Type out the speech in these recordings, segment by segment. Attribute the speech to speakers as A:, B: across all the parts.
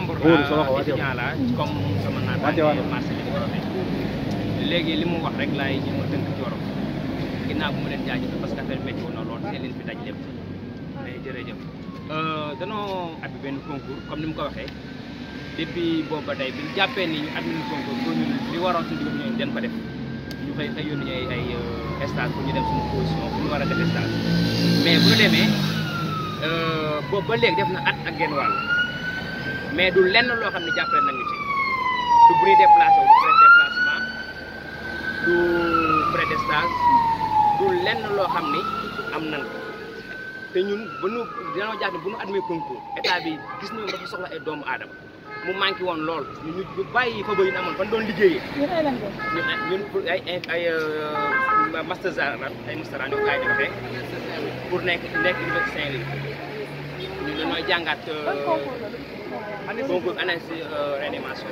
A: membre la étudiant la comme sama naataange marché bi di léegi li mu wax rek laay jéem a tënk ci worof ginnaaw bu mu leen jaajëfal parce que affaire métti woon na lool te leen fi daj lépp mais jërëjëf euh, benn concours comme ni mu ko waxee depuis ba tey bi jàppee ni ñu at nañu concours pour ñun def ñu xëy xëy yónni ay ay euh, stage pour ñu mais euh, ba léegi def na at ak genn wàll mais du lenn loo xam ne jàppale nañu ci du bruit déplacé du lenn loo xam ni am nan te ñun ba ñu dañoo jàpp ne bu ñu admee concours état bi gis nañu dafa soxla ay doomu aadama mu manqué woon lool ñu ñu bàyyi fa ba ñu amoon fan doon liggéeyee. ñun ay lan ñun ay euh, master ay master en ay pour nekk nekk université Saint-Louis. ñu dañoo jàngat euh,
B: concours anesthésie euh, réanimation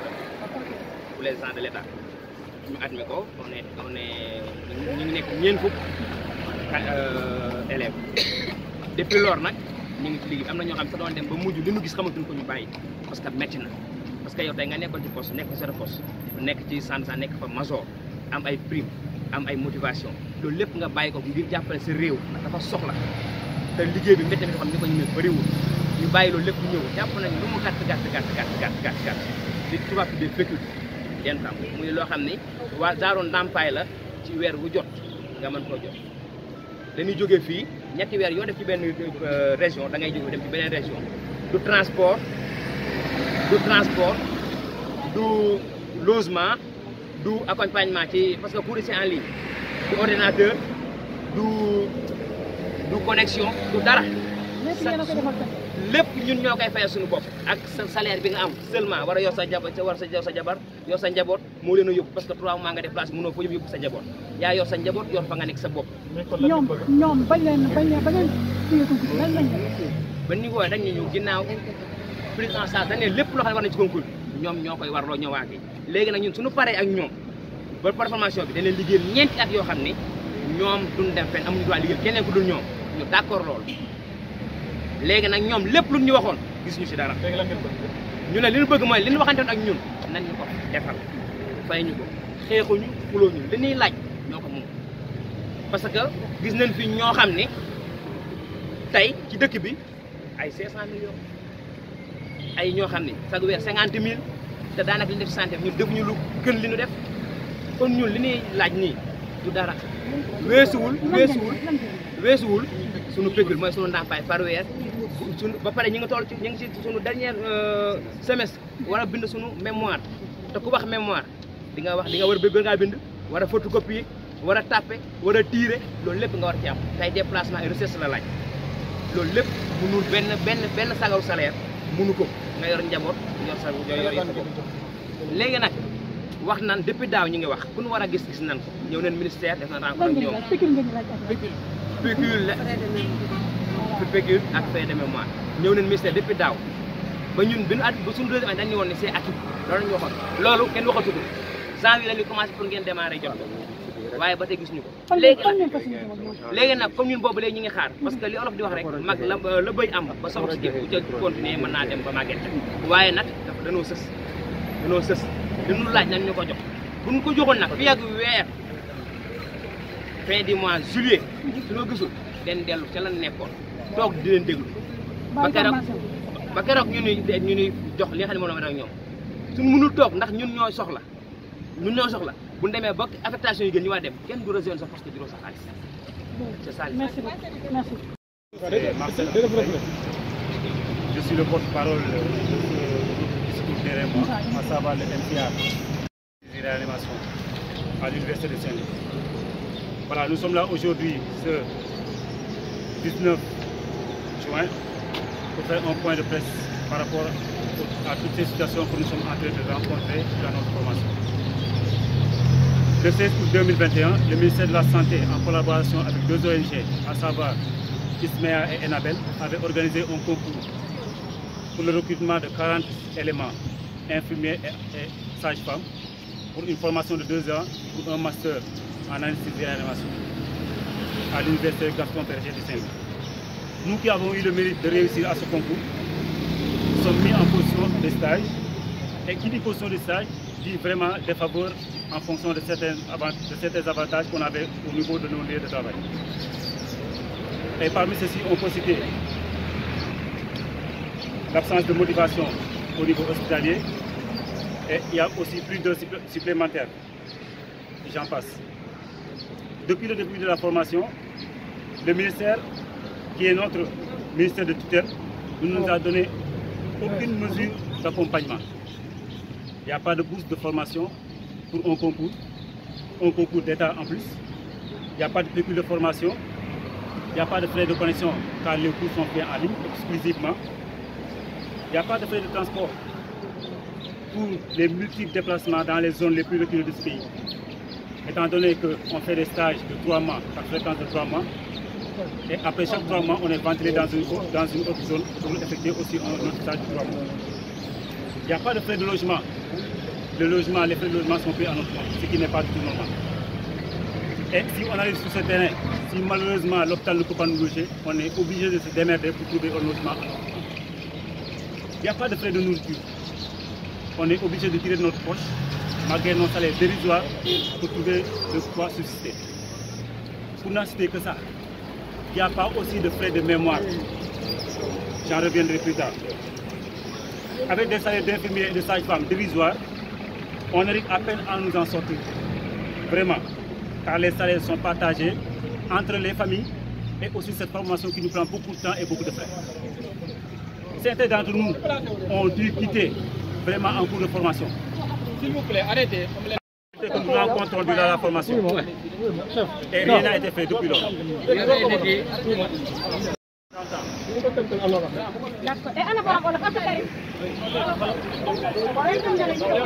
A: la les gens de ko on est nekk ñeent fukk euh, élèves depuis lors nag ni ngi ci liggéey am na ñoo xam sa doon dem ba mujj li ñu gis xamatuñ ko ñu bàyyi parce que metti na parce que yow tey nga nekkoon ci poste nekk sa poste nekk ci sant nekk fa major am ay prime am ay motivation loolu lépp nga bàyyi ko ngir jàppale sa réew dafa soxla te liggéey bi mu bi xam ni ko ñu ne bëriwul ñu bàyyi loolu lépp ñëw jàpp nañ lu mu gàtt gàtt gàtt gàtt gàtt gàtt gàtt li tubaab loo xam ni waa daaroon ndàmpaay la ci weer wu jot nga mën koo jot dañuy jóge fii ñetti weer yoo def ci benn euh, région da ngay jóge dem ci beneen région du transport du transport du logement du accompagnement ci parce que cours c'est en ligne du ordinateur du du connexion du dara lepp ñun ñokay fay suñu bop ak sa salaire bi nga am seulement wara yo sa jabar ci war sa yor sa jabar yo sa jabor mo leena yob parce que trois mois nga déplacé mëno fa yob sa jabor ya yo sa jabor yor fa nga nek sa bop ñom ñom bañ leen bañ leen bañ leen lan lañ ba niveau dañ ñu ginnaaw prise en dañ ne lépp loo xam war na ci concours ñom ñokay war lo ñëwaat légui nak ñun suñu paré ak ñom ba performance bi dañ leen liggéeyal ñent at yo xamni ñom duñ dem fenn amuñu droit liggéeyal kenen ku dul ñom ñu d'accord loolu léegi nag ñoom lépp lu ñu waxoon gis ñu si dara.
B: ñu
A: ne li ñu bëgg mooy li ñu waxantewoon ak ñun nan ñu ko defal fay ñu ko xeexuñu xulóoñu li ñuy laaj ñoo ko moom parce que gis nañ fi ñoo xam ne tey ci dëkk bi ay 500 millions ay ñoo xam ne chaque weer 50 mille te daanaka li ñu def si santé ñun defuñu lu gën li ñu def kon ñun li ñuy laaj nii du dara weesuwul sunu pécule moy sunu ndàmpaay par wer suñu ba paré ñi nga toll ci ñu ngi si dernier euh, semestre war bind sunu mémoire te ku wax mémoire di nga wax di nga wër a bëgg ngaa bind war photocopie photocopier war a tapé war a tiré loolu lépp nga war ci am tay déplacement et recherche la laaj lool lepp mënu ben ben ben sagaw salaire mënu ko nga yor njabot yor sa yor yor bopp léegi wax nan depuis daaw ñu ngi wax ku ñu war a gis gis nan ko ñëw neen ministère def na rencontre ñoom
B: pécule
A: la pécule ak frais de mémoire ñëw neen ministère depuis daaw ba ñun bi ñu at ba suñu deuxième année dañu woon ne c'est acquis loolu ñu waxoon loolu kenn waxatu ko janvier la ñu commencé pour ngeen démarrer jot waaye ba tey gis ñu ko léegi nag léegi nag ñun boobu léegi ñu ngi xaar parce que li olof di wax rek mag la la bëy am ba soxla si jëf bu ca continuer mën naa dem ba màgget waaye nag dafa danoo sës danoo sës li laaj nañ ñuko jox buñ ko joxon nak fi ak wër fin du mois juillet su lo gisul den delu ci lan nekkoon tok di len deglu ba keroog ba ñu nuy ñu nuy jox li nga mo ne moom la ñoom suñ mënul toog ndax ñun ñoy soxla ñu ñoy soxla buñ démé bok affectation yu gën ñu wa dem kenn du rejoindre sa poste juróom sa xaalis c'est ça merci
B: merci je suis le porte-parole de ce à savoir le à l'Université de Voilà, nous sommes là aujourd'hui, ce 19 juin, pour faire un point de presse par rapport à toutes ces situations que nous sommes en train de rencontrer dans notre formation. Le 16 août 2021, le ministère de la Santé, en collaboration avec deux ONG, à savoir Ismea et Enabel, avait organisé un concours pour le recrutement de 40 éléments infirmiers et, sage sages-femmes pour une formation de deux ans pour un master en anesthésie et réanimation à l'université Gaston Berger de saint Nous qui avons eu le mérite de réussir à ce concours sommes mis en position de stage et qui dit position de stage dit vraiment des faveurs en fonction de certains, de certains avantages qu'on avait au niveau de nos lieux de travail. Et parmi ceux-ci, on peut citer l'absence de motivation au niveau hospitalier et il y a aussi plus de supplémentaires. J'en passe. Depuis le début de la formation, le ministère, qui est notre ministère de tutelle, ne nous a donné aucune mesure d'accompagnement. Il n'y a pas de bourse de formation pour un concours, un concours d'État en plus. Il n'y a pas de début de formation, il n'y a pas de frais de connexion car les cours sont faits en ligne exclusivement. Il n'y a pas de frais de transport pour les multiples déplacements dans les zones les plus reculées de ce pays. Étant donné qu'on fait des stages de trois mois, chaque fréquence de trois mois, et après chaque trois mois, on est ventilé dans une, autre zone pour effectuer aussi un autre stage de trois mois. Il n'y a pas de frais de logement. Le logement, les frais de logement sont payés à notre ce qui n'est pas du tout normal. Et si on arrive sur ce terrain, si malheureusement l'hôpital ne peut pas nous loger, on est obligé de se démerder pour trouver un logement à il n'y a pas de frais de nourriture. On est obligé de tirer de notre poche, malgré nos salaires dérisoires, pour trouver de quoi susciter. Pour citer que ça, il n'y a pas aussi de frais de mémoire. J'en reviendrai plus tard. Avec des salaires d'infirmiers et de sages-femmes dérisoires, on arrive à peine à nous en sortir. Vraiment, car les salaires sont partagés entre les familles et aussi cette formation qui nous prend beaucoup de temps et beaucoup de frais certains d'entre nous ont dû quitter vraiment en cours de formation. S'il vous plaît, arrêtez. Que nous rencontrons durant la formation. Et rien n'a été fait depuis lors.